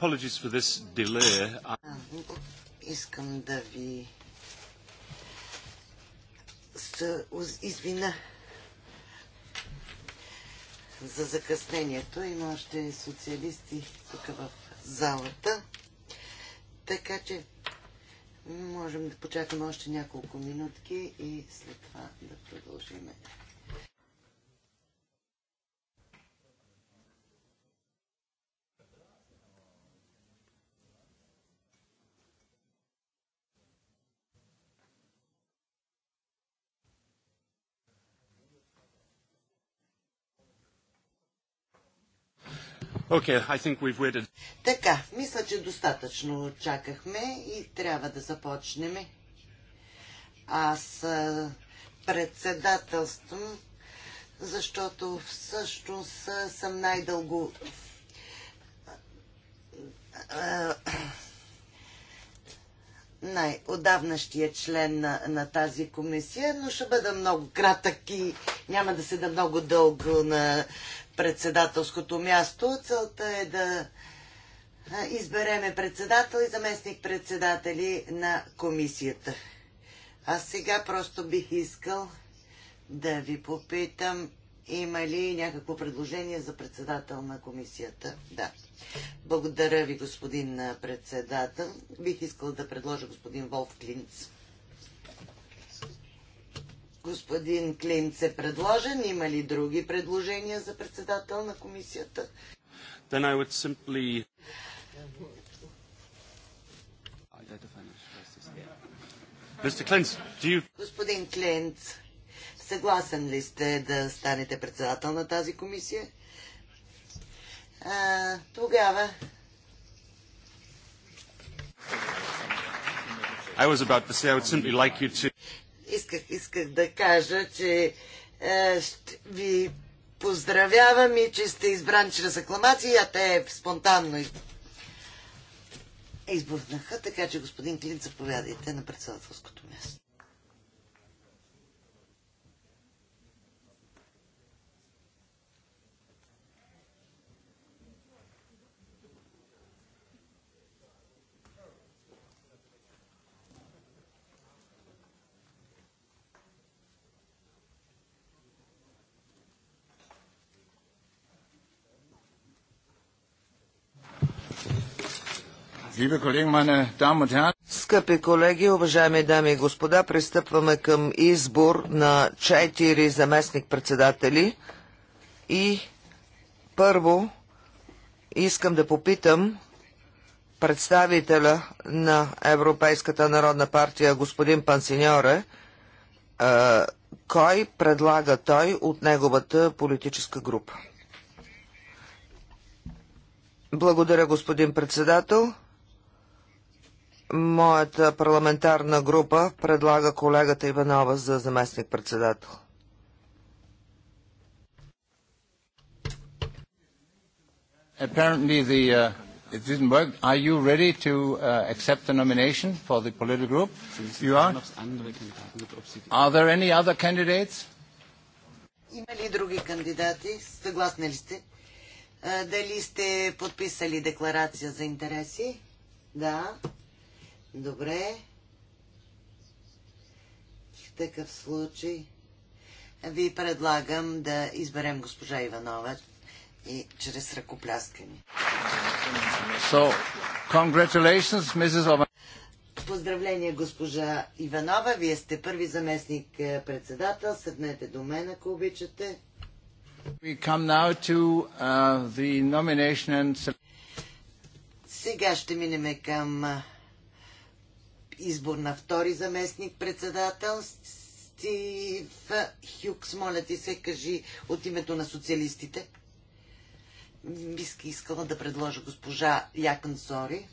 Apologies for this delay. Искам да ви се извина за закъснението. Има още социалисти тук в залата. Така че можем да почакаме още няколко минутки и след това да продължим. Okay, I think we've waited. Така, мисля, че достатъчно чакахме и трябва да започнем. Аз председателствам, защото всъщност съм най-дълго най-отдавнащия член на, на тази комисия, но ще бъда много кратък и няма да се да много дълго на председателското място. Целта е да избереме председател и заместник председатели на комисията. А сега просто бих искал да ви попитам, има ли някакво предложение за председател на комисията? Да. Благодаря ви, господин председател. Бих искал да предложа господин Волф Клинц господин Клинц е предложен. Има ли други предложения за председател на комисията? Then I would simply... Mr. Klintz, do you... Господин Клинц, съгласен ли сте да станете председател на тази комисия? А, тогава... I was about to say I would simply like you to исках, исках да кажа, че е, ще ви поздравявам и че сте избран чрез акламация, а те е спонтанно избухнаха, така че господин Клин, заповядайте на председателското място. Скъпи колеги, уважаеми дами и господа, пристъпваме към избор на четири заместник-председатели и първо искам да попитам представителя на Европейската народна партия, господин Пансиньоре, е, кой предлага той от неговата политическа група. Благодаря, господин председател. Моята парламентарна група предлага колегата Иванова за заместник-председател. Uh, it didn't work. Are you ready to uh, accept the nomination for the political group? You are? Are there any other candidates? Има ли други кандидати? Съгласни ли сте? Е, дали сте подписали декларация за интереси? Да. Добре. В такъв случай ви предлагам да изберем госпожа Иванова и чрез ръкопляскани. So, congratulations, Mrs. Поздравления, госпожа Иванова. Вие сте първи заместник е, председател. Седнете до мен, ако обичате. We come now to, uh, the nomination and... Сега ще минеме към избор на втори заместник председател. Стив Хюкс, моля ти се, кажи от името на социалистите. Биска искала да предложа госпожа Якън Сори.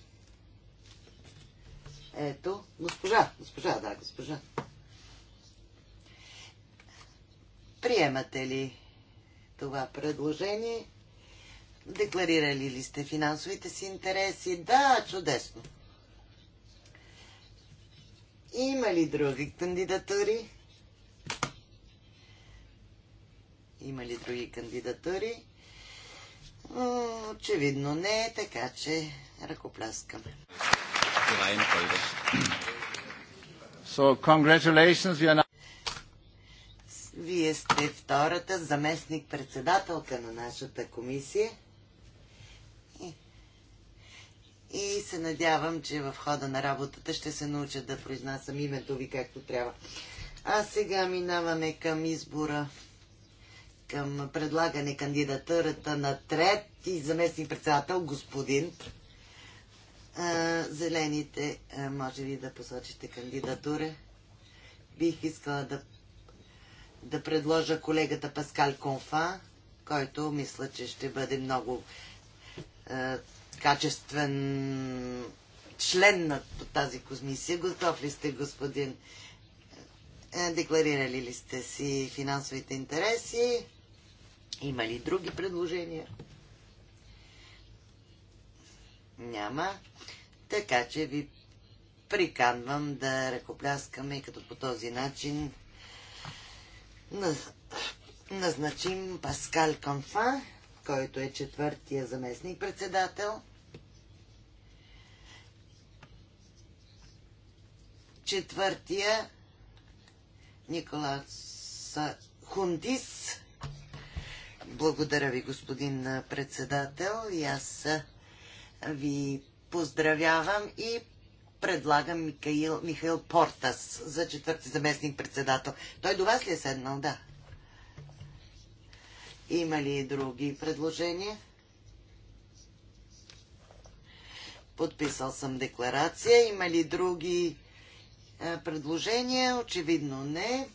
Ето, госпожа, госпожа, да, госпожа. Приемате ли това предложение? Декларирали ли сте финансовите си интереси? Да, чудесно. Има ли други кандидатури? Има ли други кандидатури? Очевидно не, така че ръкопляскаме. So, congratulations, you are Вие сте втората заместник-председателка на нашата комисия. и се надявам, че в хода на работата ще се науча да произнасям името ви както трябва. А сега минаваме към избора, към предлагане кандидатурата на трети заместник председател, господин. А, зелените, може ли да посочите кандидатура? Бих искала да, да предложа колегата Паскал Конфа, който мисля, че ще бъде много качествен член на тази комисия. Готов ли сте, господин? Е, декларирали ли сте си финансовите интереси? Има ли други предложения? Няма. Така че ви приканвам да ръкопляскаме, като по този начин назначим Паскал Конфа който е четвъртия заместник председател. Четвъртия Николас Хундис. Благодаря ви, господин председател. И аз ви поздравявам и предлагам Михаил, Михаил Портас за четвърти заместник председател. Той до вас ли е седнал? Да. Има ли други предложения? Подписал съм декларация. Има ли други е, предложения? Очевидно не.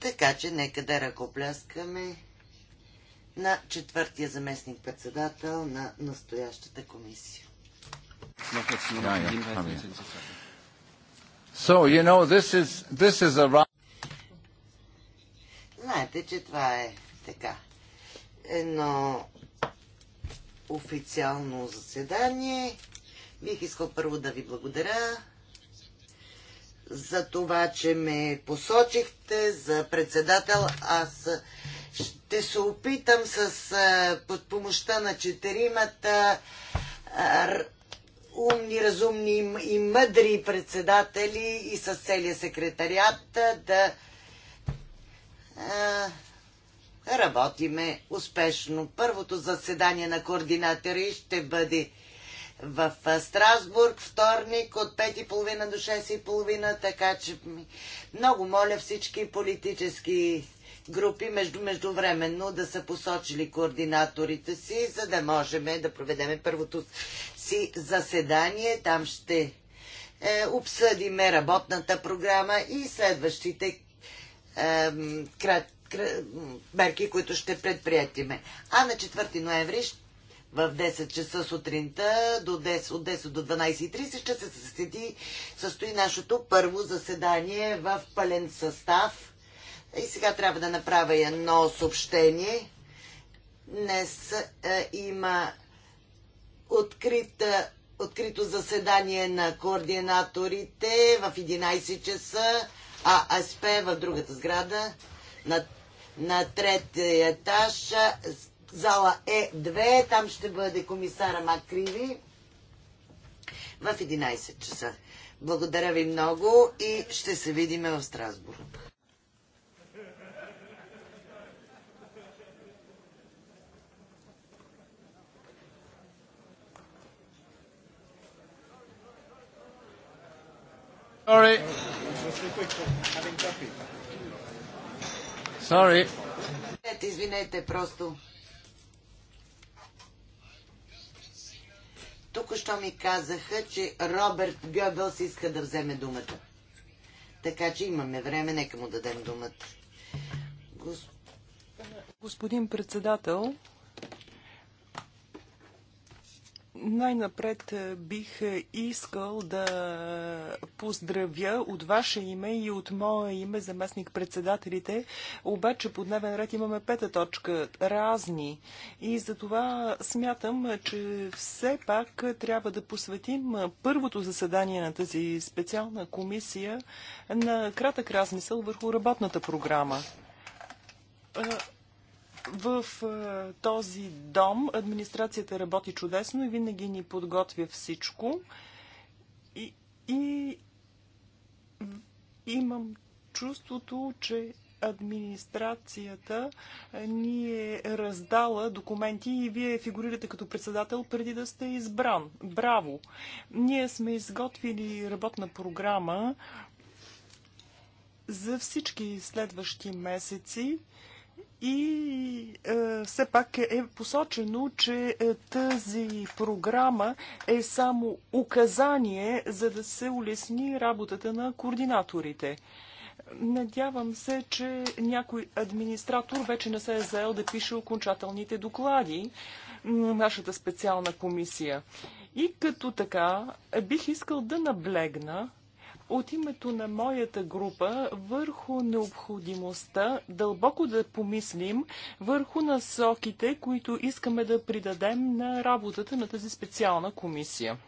Така че нека да ръкопляскаме на четвъртия заместник председател на настоящата комисия. So, you know, this is, this is a... Знаете, че това е така. Едно официално заседание. Бих искал първо да ви благодаря за това, че ме посочихте за председател. Аз ще се опитам с под помощта на четиримата умни, разумни и мъдри председатели и с целия секретариат да е, работиме успешно. Първото заседание на координатори ще бъде в Страсбург, вторник от 5.30 до 6.30, така че много моля всички политически групи между, междувременно да са посочили координаторите си, за да можем да проведем първото си заседание. Там ще е, обсъдиме работната програма и следващите крат, крат, мерки, които ще предприятиме. А на 4 ноември в 10 часа сутринта до 10, от 10 до 12.30 ще се съседи, състои нашето първо заседание в пълен състав. И сега трябва да направя едно съобщение. Днес е, има открита, открито заседание на координаторите в 11 часа а АСП в другата сграда на, на третия етаж, зала Е2, там ще бъде комисара Макриви в 11 часа. Благодаря ви много и ще се видим в Страсбург. All right. Sorry. Извинете, просто. Тук що ми казаха, че Роберт Гъбълс иска да вземе думата. Така че имаме време, нека му дадем думата. Господин председател, Най-напред е, бих е, искал да поздравя от ваше име и от мое име заместник председателите, обаче по дневен ред имаме пета точка – разни. И затова смятам, че все пак трябва да посветим първото заседание на тази специална комисия на кратък размисъл върху работната програма. Е, в този дом администрацията работи чудесно и винаги ни подготвя всичко. И, и имам чувството, че администрацията ни е раздала документи и вие фигурирате като председател преди да сте избран. Браво! Ние сме изготвили работна програма за всички следващи месеци и е, все пак е посочено, че е, тази програма е само указание, за да се улесни работата на координаторите. Надявам се, че някой администратор вече не се е заел да пише окончателните доклади на нашата специална комисия. И като така бих искал да наблегна от името на моята група върху необходимостта дълбоко да помислим върху насоките, които искаме да придадем на работата на тази специална комисия.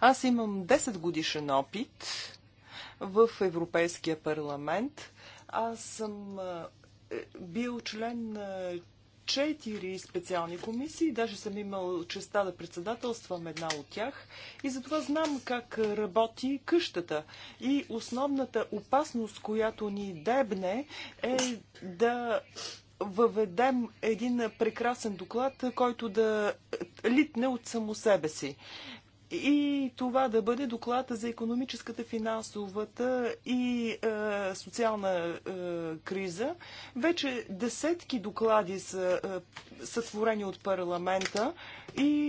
Аз имам 10 годишен опит в Европейския парламент. Аз съм е, бил член на четири специални комисии. Даже съм имал честа да председателствам една от тях. И затова знам как работи къщата. И основната опасност, която ни дебне, е да въведем един прекрасен доклад, който да литне от само себе си и това да бъде доклада за економическата, финансовата и е, социална е, криза. Вече десетки доклади са, е, сътворени от парламента и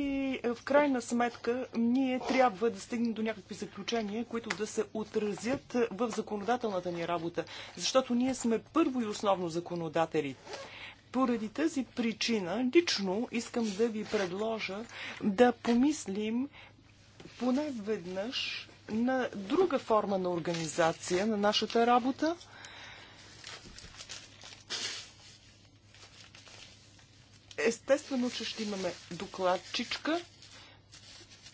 е, в крайна сметка ние трябва да стигнем до някакви заключения, които да се отразят в законодателната ни работа, защото ние сме първо и основно законодатели. Поради тази причина лично искам да ви предложа да помислим поне веднъж на друга форма на организация на нашата работа. Естествено, че ще имаме докладчичка,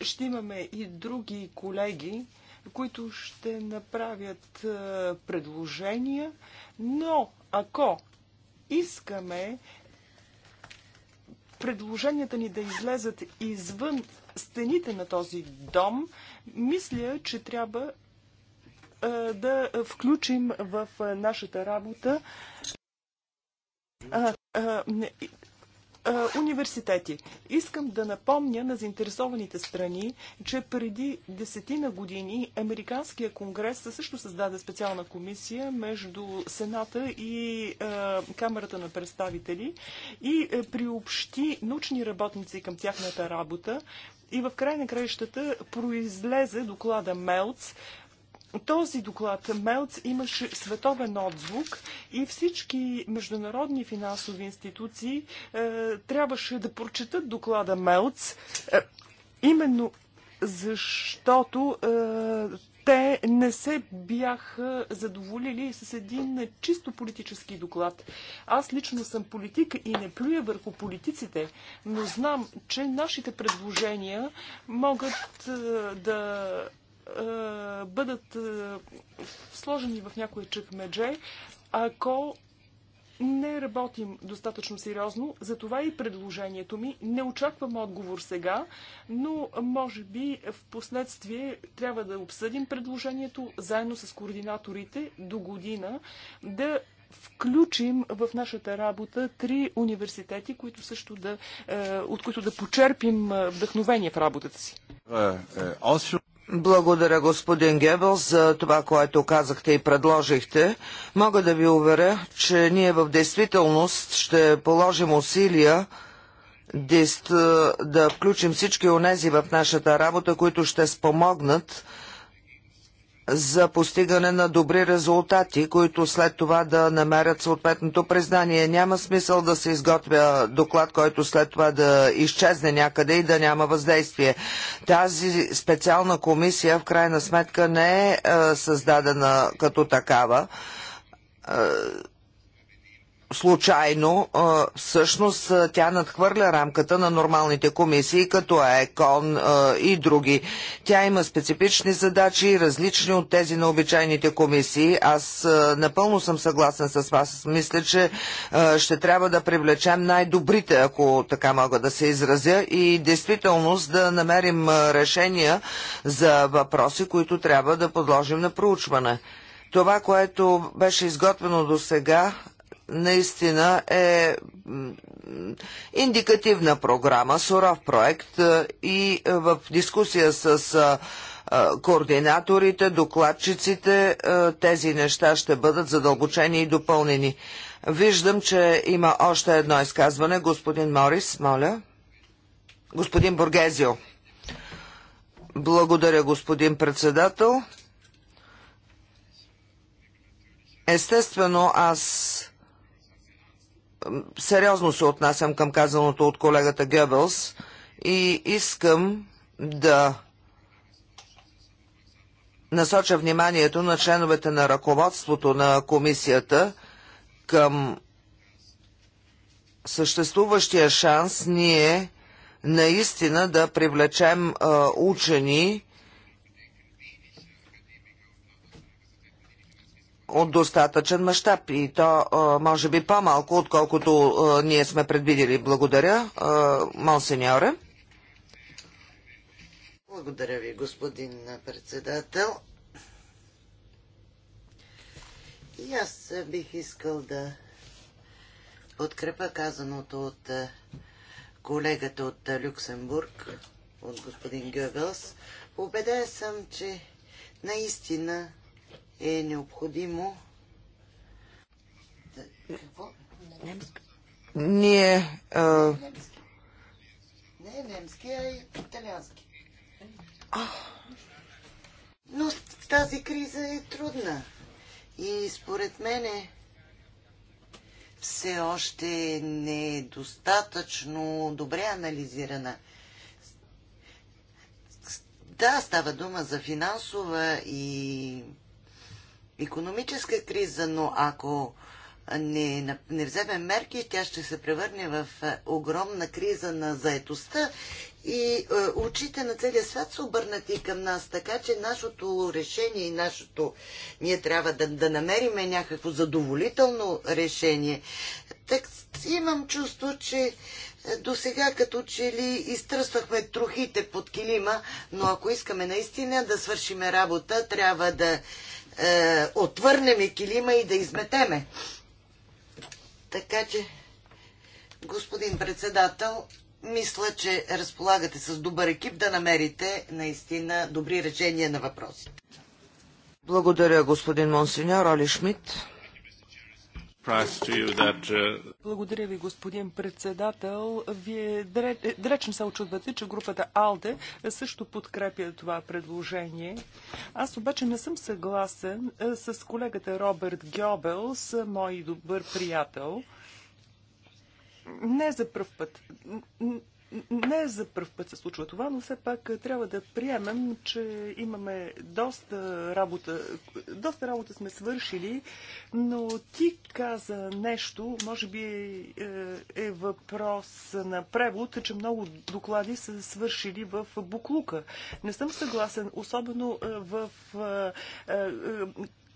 ще имаме и други колеги, които ще направят е, предложения, но ако искаме предложенията ни да излезат извън стените на този дом, мисля, че трябва да включим в нашата работа университети. Искам да напомня на заинтересованите страни, че преди десетина години Американския конгрес също създаде специална комисия между Сената и Камерата на представители и е, приобщи научни работници към тяхната работа. И в край на краищата произлезе доклада Мелц, този доклад Мелц имаше световен отзвук и всички международни финансови институции е, трябваше да прочетат доклада Мелц, е, именно защото е, те не се бяха задоволили с един чисто политически доклад. Аз лично съм политик и не плюя върху политиците, но знам, че нашите предложения могат е, да е, бъдат е, сложени в някои чекмедже, ако не работим достатъчно сериозно, затова и предложението ми. Не очаквам отговор сега, но може би в последствие трябва да обсъдим предложението заедно с координаторите до година да включим в нашата работа три университети, които също да, е, от които да почерпим вдъхновение в работата си. Благодаря, господин Гебел, за това, което казахте и предложихте. Мога да ви уверя, че ние в действителност ще положим усилия да включим всички онези в нашата работа, които ще спомогнат за постигане на добри резултати, които след това да намерят съответното признание. Няма смисъл да се изготвя доклад, който след това да изчезне някъде и да няма въздействие. Тази специална комисия в крайна сметка не е, е създадена като такава. Е, случайно, всъщност тя надхвърля рамката на нормалните комисии, като ЕКОН и други. Тя има специфични задачи, различни от тези на обичайните комисии. Аз напълно съм съгласен с вас. Мисля, че ще трябва да привлечем най-добрите, ако така мога да се изразя, и действителност да намерим решения за въпроси, които трябва да подложим на проучване. Това, което беше изготвено до сега, наистина е индикативна програма, суров проект е, и в дискусия с е, е, координаторите, докладчиците, тези неща ще бъдат задълбочени и допълнени. Виждам, че има още едно изказване. Господин Морис, моля. Господин Бургезио. Благодаря, господин председател. Естествено, аз сериозно се отнасям към казаното от колегата Гебелс и искам да насоча вниманието на членовете на ръководството на комисията към съществуващия шанс ние наистина да привлечем а, учени от достатъчен мащаб и то може би по-малко, отколкото ние сме предвидели. Благодаря, монсеньоре. Благодаря ви, господин председател. И аз бих искал да подкрепа казаното от колегата от Люксембург, от господин Гъгълс. Убеден съм, че наистина е необходимо. Какво? Немска. Ние. А... Не, е немски, а е италиански. А... Но тази криза е трудна. И според мене все още не е достатъчно добре анализирана. Да, става дума за финансова и економическа криза, но ако не, не вземе мерки, тя ще се превърне в е, огромна криза на заетостта и е, очите на целия свят са обърнати към нас, така че нашето решение и нашето... Ние трябва да, да намериме някакво задоволително решение. Так, имам чувство, че е, до сега като че ли изтръсвахме трохите под килима, но ако искаме наистина да свършиме работа, трябва да е, отвърнеме килима и да изметеме. Така че, господин председател, мисля, че разполагате с добър екип да намерите наистина добри решения на въпросите. Благодаря, господин Монсеньор Оли Шмидт. Uh, Благодаря ви, господин председател. Вие дречен е, се очудвате, че групата АЛДЕ също подкрепя това предложение. Аз обаче не съм съгласен е, с колегата Роберт Гьобелс, мой добър приятел. Не за първ път. Не за първ път се случва това, но все пак е, трябва да приемем, че имаме доста работа. Доста работа сме свършили, но ти каза нещо, може би е, е въпрос на превод, че много доклади са свършили в буклука. Не съм съгласен, особено е, в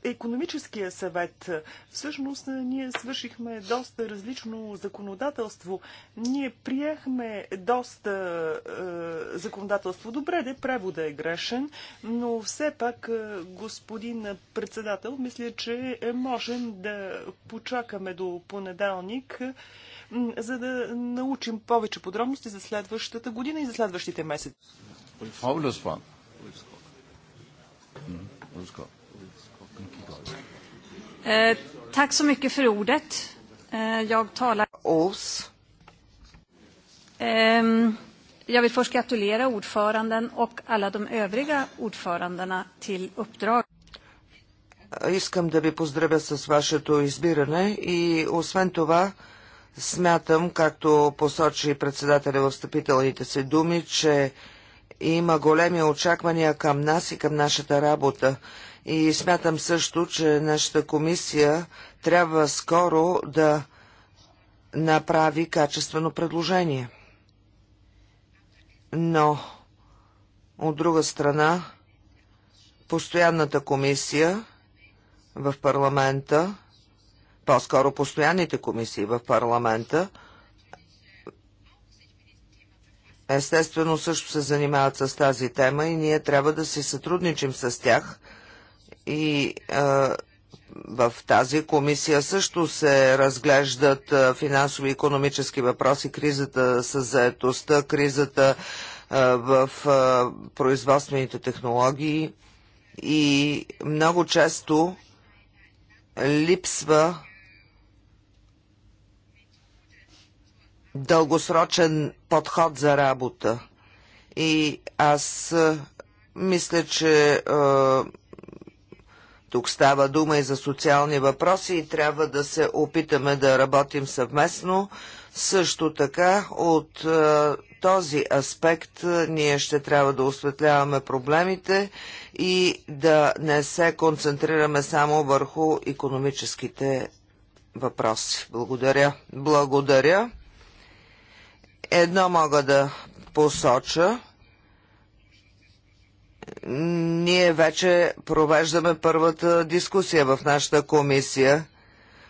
економическия съвет. Всъщност ние свършихме доста различно законодателство. Ние приехме доста е, законодателство. Добре, де превода е грешен, но все пак, господин председател, мисля, че можем да почакаме до понеделник, за да научим повече подробности за следващата година и за следващите месеци. Frau Ulfskog. Eh, tack så mycket för ordet. Eh, jag talar... Ehm, jag vill först gratulera ordföranden och alla de övriga ordförandena till uppdraget. Искам да ви поздравя с вашето избиране и освен това смятам, както посочи председателя в встъпителните си думи, че има големи очаквания към нас и към нашата работа. И смятам също, че нашата комисия трябва скоро да направи качествено предложение. Но, от друга страна, постоянната комисия в парламента, по-скоро постоянните комисии в парламента, естествено също се занимават с тази тема и ние трябва да си сътрудничим с тях – и в тази комисия също се разглеждат финансови и економически въпроси, кризата с заетостта, кризата в производствените технологии и много често липсва дългосрочен подход за работа. И аз мисля, че тук става дума и за социални въпроси и трябва да се опитаме да работим съвместно. Също така от е, този аспект е, ние ще трябва да осветляваме проблемите и да не се концентрираме само върху економическите въпроси. Благодаря. Благодаря. Едно мога да посоча. Ние вече провеждаме първата дискусия в нашата комисия.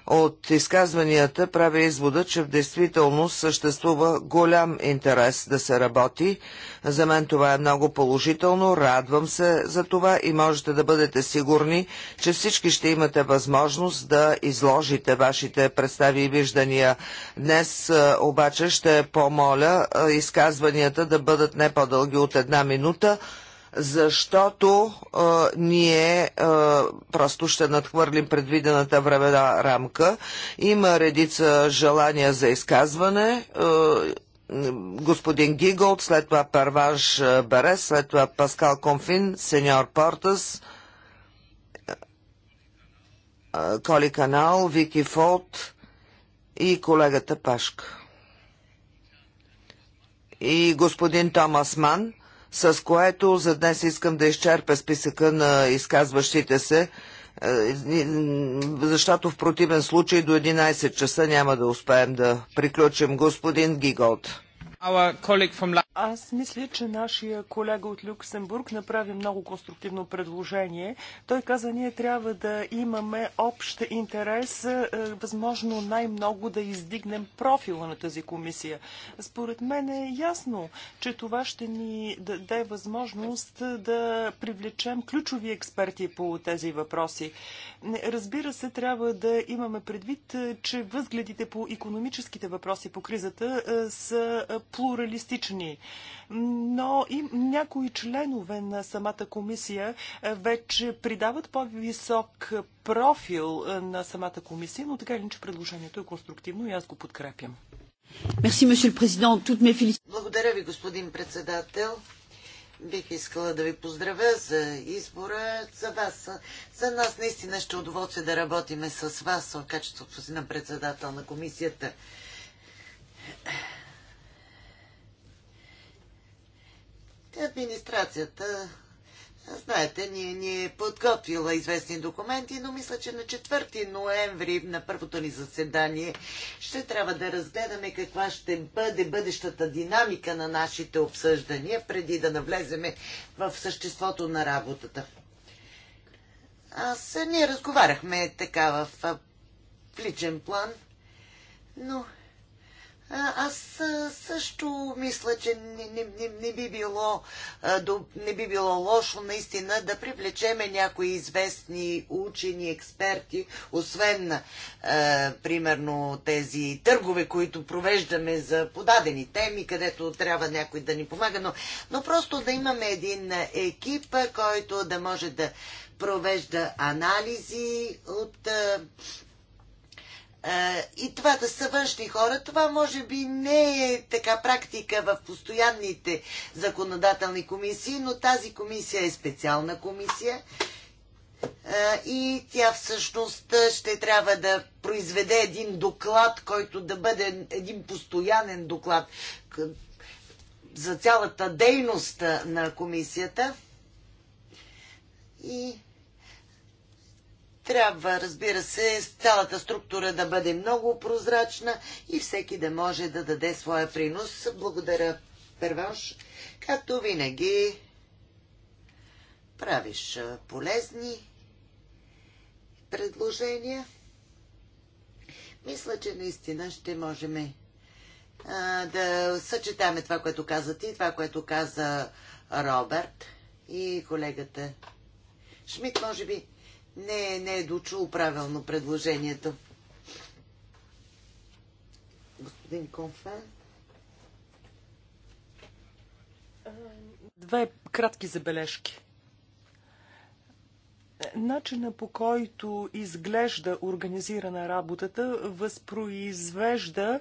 От изказванията правя извода, че в действителност съществува голям интерес да се работи. За мен това е много положително, радвам се за това и можете да бъдете сигурни, че всички ще имате възможност да изложите вашите представи и виждания. Днес обаче ще помоля изказванията да бъдат не по-дълги от една минута, защото а, ние а, просто ще надхвърлим предвидената времена рамка. Има редица желания за изказване. А, господин Гиголд, след това Перванш Берес, след това Паскал Конфин, сеньор Портас, Коли Канал, Вики Фолт и колегата Пашка. И господин Томас Ман с което за днес искам да изчерпя списъка на изказващите се, е, защото в противен случай до 11 часа няма да успеем да приключим господин Гигот. Аз мисля, че нашия колега от Люксембург направи много конструктивно предложение. Той каза, ние трябва да имаме общ интерес, е, възможно най-много да издигнем профила на тази комисия. Според мен е ясно, че това ще ни даде възможност да привлечем ключови експерти по тези въпроси. Разбира се, трябва да имаме предвид, е, че възгледите по економическите въпроси по кризата е, са плуралистични. Но и някои членове на самата комисия е, вече придават по-висок профил е, на самата комисия, но така или иначе предложението е конструктивно и аз го подкрепям. Благодаря ви, господин председател. Бих искала да ви поздравя за избора, за вас. За нас наистина ще е удоволствие да работиме с вас в качеството си на председател на комисията. Администрацията, знаете, ни, ни е подготвила известни документи, но мисля, че на 4 ноември, на първото ни заседание, ще трябва да разгледаме каква ще бъде бъдещата динамика на нашите обсъждания, преди да навлеземе в съществото на работата. Аз ние разговаряхме така в личен план, но аз също мисля, че не, не, не, не, би, било, не би било лошо наистина да привлечеме някои известни учени, експерти, освен примерно тези търгове, които провеждаме за подадени теми, където трябва някой да ни помага, но, но просто да имаме един екип, който да може да провежда анализи от и това да са външни хора, това може би не е така практика в постоянните законодателни комисии, но тази комисия е специална комисия и тя всъщност ще трябва да произведе един доклад, който да бъде един постоянен доклад за цялата дейност на комисията. И трябва, разбира се, цялата структура да бъде много прозрачна и всеки да може да даде своя принос. Благодаря, Перванш. Както винаги, правиш полезни предложения. Мисля, че наистина ще можем а, да съчетаме това, което каза ти, това, което каза Робърт и колегата Шмидт, може би не, не е дочул правилно предложението. Господин Конфен. Две кратки забележки. Начина по който изглежда организирана работата възпроизвежда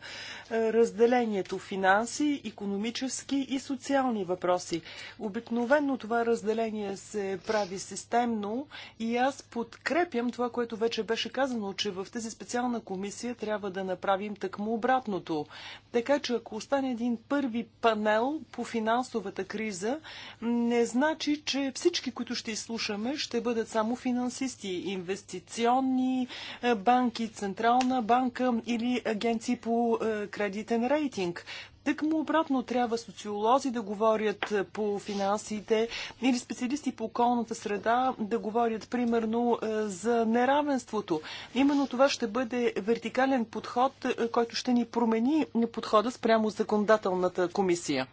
е, разделението финанси, економически и социални въпроси. Обикновено това разделение се прави системно и аз подкрепям това, което вече беше казано, че в тази специална комисия трябва да направим такмо обратното. Така че ако остане един първи панел по финансовата криза, не значи, че всички, които ще изслушаме, ще бъдат само само финансисти, инвестиционни е, банки, Централна банка или агенции по е, кредитен рейтинг. Тък му обратно трябва социолози да говорят е, по финансите или специалисти по околната среда да говорят примерно за неравенството. Именно това ще бъде вертикален подход, който ще ни промени подхода спрямо законодателната комисия.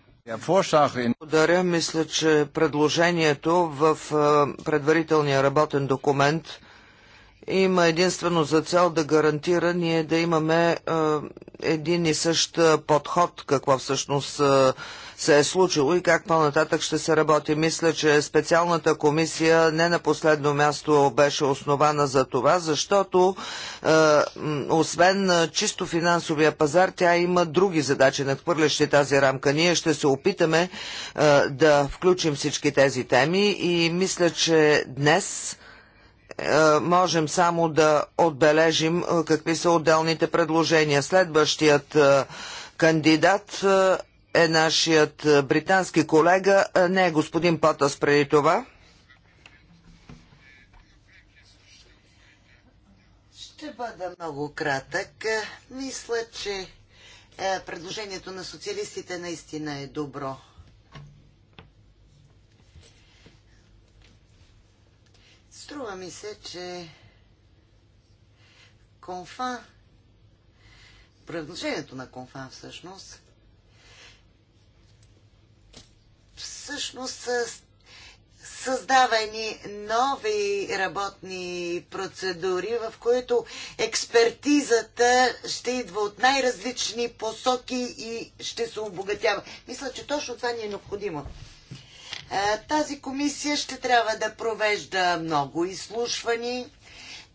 Благодаря. Мисля, че предложението в предварителния работен документ има единствено за цел да гарантира ние да имаме един и същ подход, какво всъщност се е случило и как по-нататък ще се работи. Мисля, че специалната комисия не на последно място беше основана за това, защото е, освен е, чисто финансовия пазар, тя има други задачи, надхвърлящи тази рамка. Ние ще се опитаме е, да включим всички тези теми и мисля, че днес е, можем само да отбележим е, какви са отделните предложения. Следващият кандидат е нашият е, британски колега, е, не е господин Потас преди това. Ще бъда много кратък. Е, мисля, че предложението на социалистите наистина е добро. Струва ми се, че конфа, предложението на конфа всъщност, всъщност създавани нови работни процедури, в които експертизата ще идва от най-различни посоки и ще се обогатява. Мисля, че точно това ни е необходимо. Е, тази комисия ще трябва да провежда много изслушвания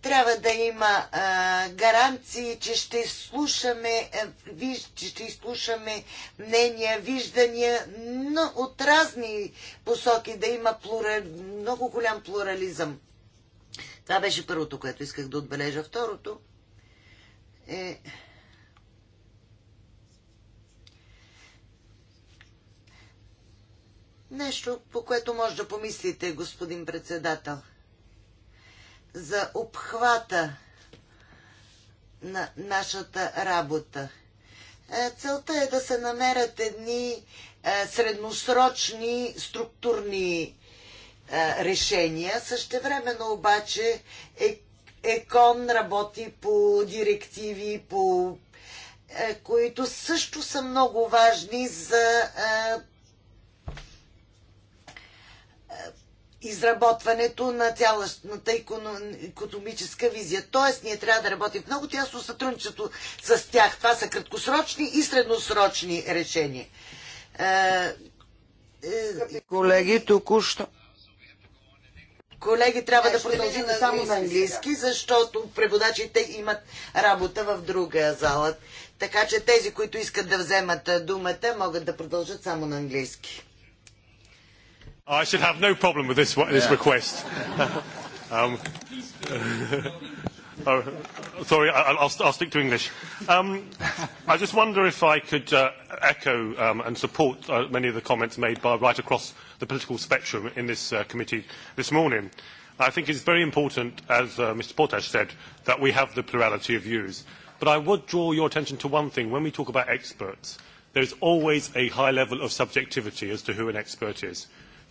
трябва да има а, гаранции, че ще слушаме, а, виж, че ще изслушаме мнения, виждания, но от разни посоки да има плурали... много голям плурализъм. Това беше първото, което исках да отбележа. Второто е... Нещо, по което може да помислите, господин председател – за обхвата на нашата работа. Е, целта е да се намерят едни е, средносрочни структурни е, решения. Същевременно обаче ЕКОН работи по директиви, по които също са много важни за изработването на цялостната економическа визия. Тоест, ние трябва да работим в много тясно сътрудничество с тях. Това са краткосрочни и средносрочни решения. Е, е, Колеги, току-що. Колеги, трябва да е продължим само на английски, защото преводачите имат работа в друга зала. Така че тези, които искат да вземат думата, могат да продължат само на английски. I should have no problem with this, this request. um, oh, sorry, I'll, I'll, I'll stick to English. Um, I just wonder if I could uh, echo um, and support uh, many of the comments made by right across the political spectrum in this uh, committee this morning. I think it's very important, as uh, Mr Portash said, that we have the plurality of views. But I would draw your attention to one thing. When we talk about experts, there is always a high level of subjectivity as to who an expert is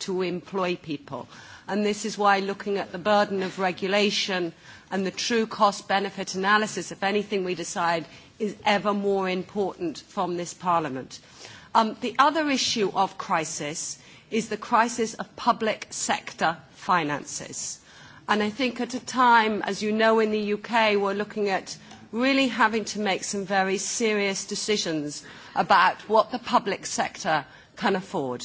to employ people. And this is why looking at the burden of regulation and the true cost-benefit analysis if anything we decide is ever more important from this Parliament. Um, the other issue of crisis is the crisis of public sector finances. And I think at a time, as you know in the UK, we're looking at really having to make some very serious decisions about what the public sector can afford.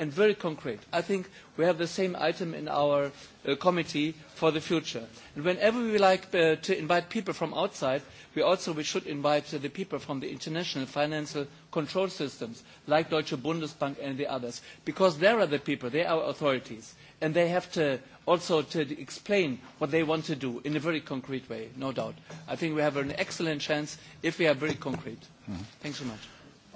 and very concrete. I think we have the same item in our committee for the future. And whenever we like to invite people from outside, we also we should invite the people from the international financial control systems, like Deutsche Bundesbank and the others, because they are the people, they are authorities, and they have to also to explain what they want to do in a very concrete way, no doubt. I think we have an excellent chance if we are very concrete. Thanks so much.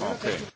Okay.